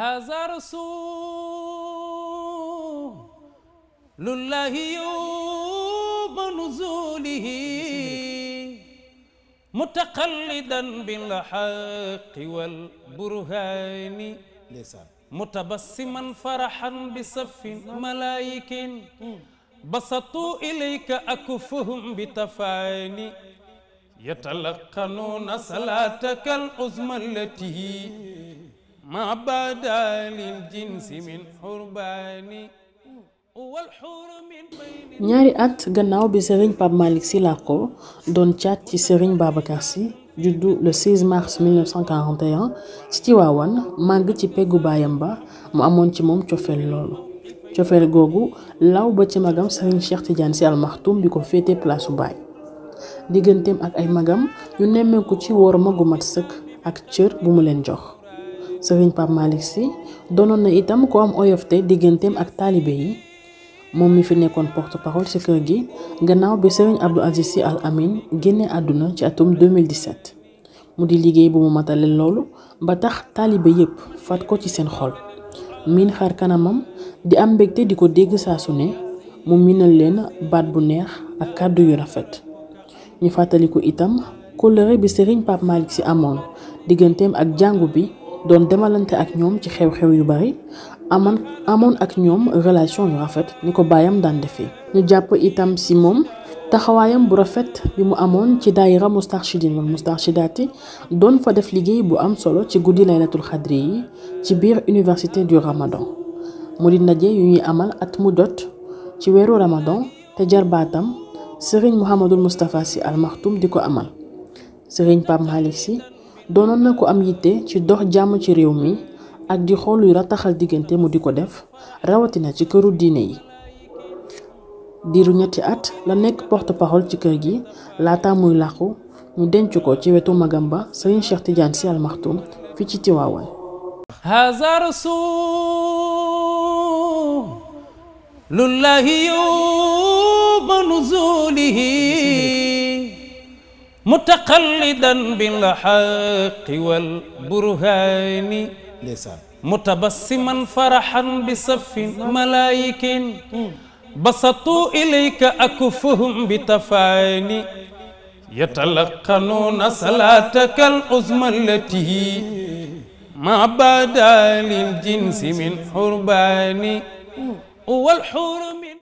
هذا رسول لله يوم نزوله متقلدا بالحق والبرهان متبسما فرحا بصف ملائك بسطوا إليك أكفهم بتفاني يتلقنون صلاتك العظمى التي ما ñaari at gannaaw bi sëriñ Pape Malick Sy làqoo doon caat ci sëriñ Babacar Sy juddu le 16 mars 1941 ci Tivaouane màgg ci peggu baayam ba mu amoon ci moom cofeel loolu cofeel googu law ba ci magam sëriñ Cheikh Tidiane Sy Al bi ko féete palaasu baay digganteem ak ay magam ñu nemmeeku ci worma gu mat sëkk ak cër bu mu leen jox Sëriñ Pape Malick Sy donon na itam ko am oyofte digentem ak talibé yi mom mi fi nekkoon porte parole ci kër gi gannaaw bi Sëriñ Abdou Aziz Al amin genné aduna ci atum 2017 mudi di liggéey bu mu matale loolu ba tax talibé yépp fat ko ci sen xol min xar kanamam di am di ko dégg sa suné ne minal leen bu neex ak kaddu yu rafet ñu ko itam kóllëre bi Serigne Pape Malick Sy amoon digentem ak bi doon demalante ak ñoom ci xew-xew yu bari amoon amoon ak ñoom relation yu rafet ni ko baayam daan defee ñu jàpp itam si moom taxawaayam bu rafet bi mu amoon ci daayira Moustarchidine wal Moustarchidaty doon fa def liggéey bu am solo ci guddi laylatul khadri yi ci biir université du Ramadan mu di ndaje yu ñuy amal at mu jot ci weeru Ramadan te jarbaatam Serigne Mouhamadul Mustapha si Al Maktoum di ko amal Serigne pam Malick si doonoon na ko am yitte ci dox jàmm ci réew mi ak di xool luy rataxal diggante mu di ko def rawatina ci këru diine yi diiru ñetti at la nekk porte-parole ci kër gi laata muy làqu ñu denc ko ci wetu magam ba Serigne Cheikh Tidiane Sy Al fi ci Tiwaawan متقلدا بالحق والبرهان متبسما فرحا بصف ملائك بسطوا إليك أكفهم بتفاني يتلقنون صلاتك العظمى التي ما بدا للجنس من حربان والحور من